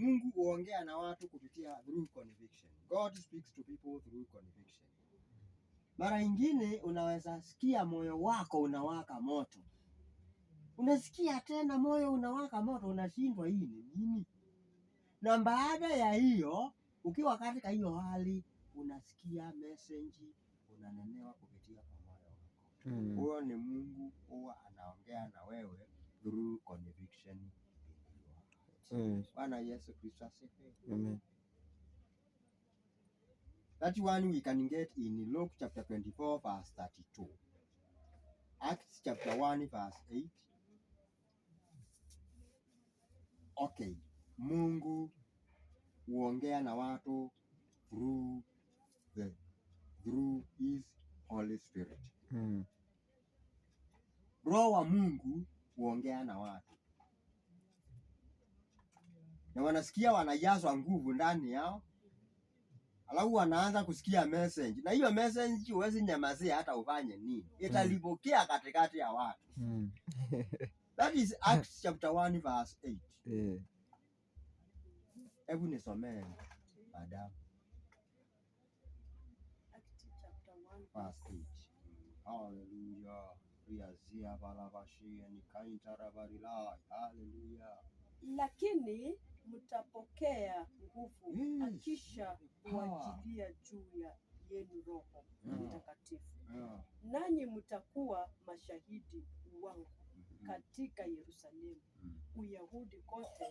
Mungu huongea na watu kupitia through conviction. God speaks to people through conviction. Mara nyingine unaweza sikia moyo wako unawaka moto, unasikia tena moyo unawaka moto, unashindwa hii ni nini? Na baada ya hiyo, ukiwa katika hiyo hali, unasikia message, unanenewa kupitia kwa moyo wako. Hmm. Huyo ni Mungu huwa anaongea na wewe through conviction. Mm. Bwana Yesu Kristo asifiwe. Amen. That one we can get in Luke chapter 24 verse 32. Acts chapter 1 verse 8. Okay. Mungu huongea na watu through the through his Holy Spirit. Mm. Roho wa Mungu huongea na watu na wanasikia wanajazwa nguvu ndani yao, alafu wanaanza kusikia message, na hiyo message huwezi nyamazia hata ufanye nini, mm. italipokea katikati ya watu mm. That is Acts chapter 1 verse 8. Eh. Hebu nisomee baada Haleluya. Lakini mtapokea nguvu yes, akisha kuajilia juu ya yenu Roho yeah, Mtakatifu yeah, nanyi mtakuwa mashahidi wangu mm-hmm. katika Yerusalemu, mm-hmm. Uyahudi kote